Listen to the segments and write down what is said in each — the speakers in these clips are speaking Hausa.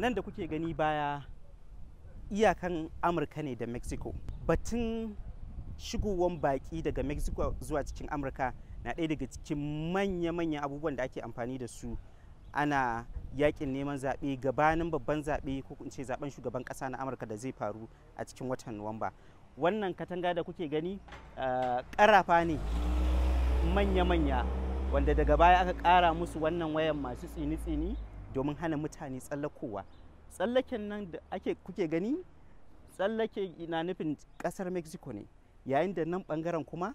nan da kuke gani baya iyakan amurka ne da mexico batun shigowan baki daga mexico zuwa cikin amurka na ɗaya daga cikin manya-manyan abubuwan da ake amfani da su ana yakin neman zaɓe gabanin babban zaɓe ko in ce zaben shugaban ƙasa na amurka da zai faru a cikin watan nuwamba wannan katanga da kuke gani eh, ƙarafa ne manya-manya wanda daga baya aka ƙara musu wannan wayan masu tsini-tsini domin hana mutane tsallakowa tsallaken nan da ake kuke gani tsallake na nufin ƙasar mexico ne yayin da nan ɓangaren kuma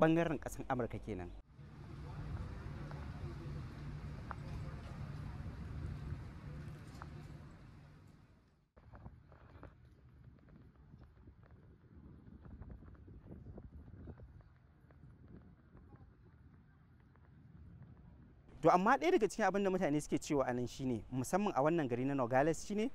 ɓangaren ƙasar amurka kenan to amma ɗaya daga cikin abin da mutane suke cewa a nan shine musamman a wannan gari na nogales shine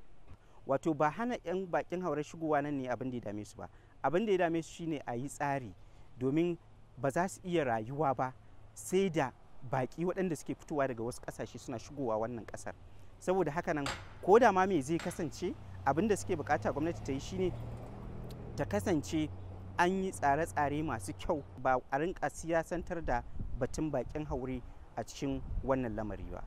wato ba hana 'yan bakin haure shigowa nan ne abin da ya dame su ba abin da ya dame su shine a yi tsari domin ba za su iya rayuwa ba sai da baki waɗanda suke fitowa daga wasu ƙasashe suna shigowa wannan ƙasar saboda haka nan ko da ma me zai kasance abin da suke bukata gwamnati ta yi shine ta kasance an yi tsare-tsare masu kyau ba a rinka siyasantar da batun bakin haure a cikin wannan lamari ba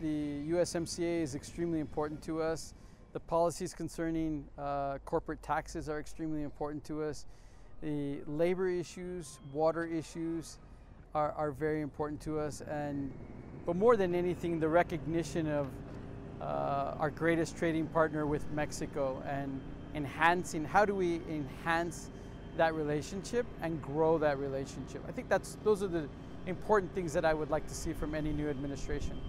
The USMCA is extremely important to us. The policies concerning uh, corporate taxes are extremely important to us. The labor issues, water issues are, are very important to us. And, but more than anything, the recognition of uh, our greatest trading partner with Mexico and enhancing, how do we enhance that relationship and grow that relationship? I think that's, those are the important things that I would like to see from any new administration.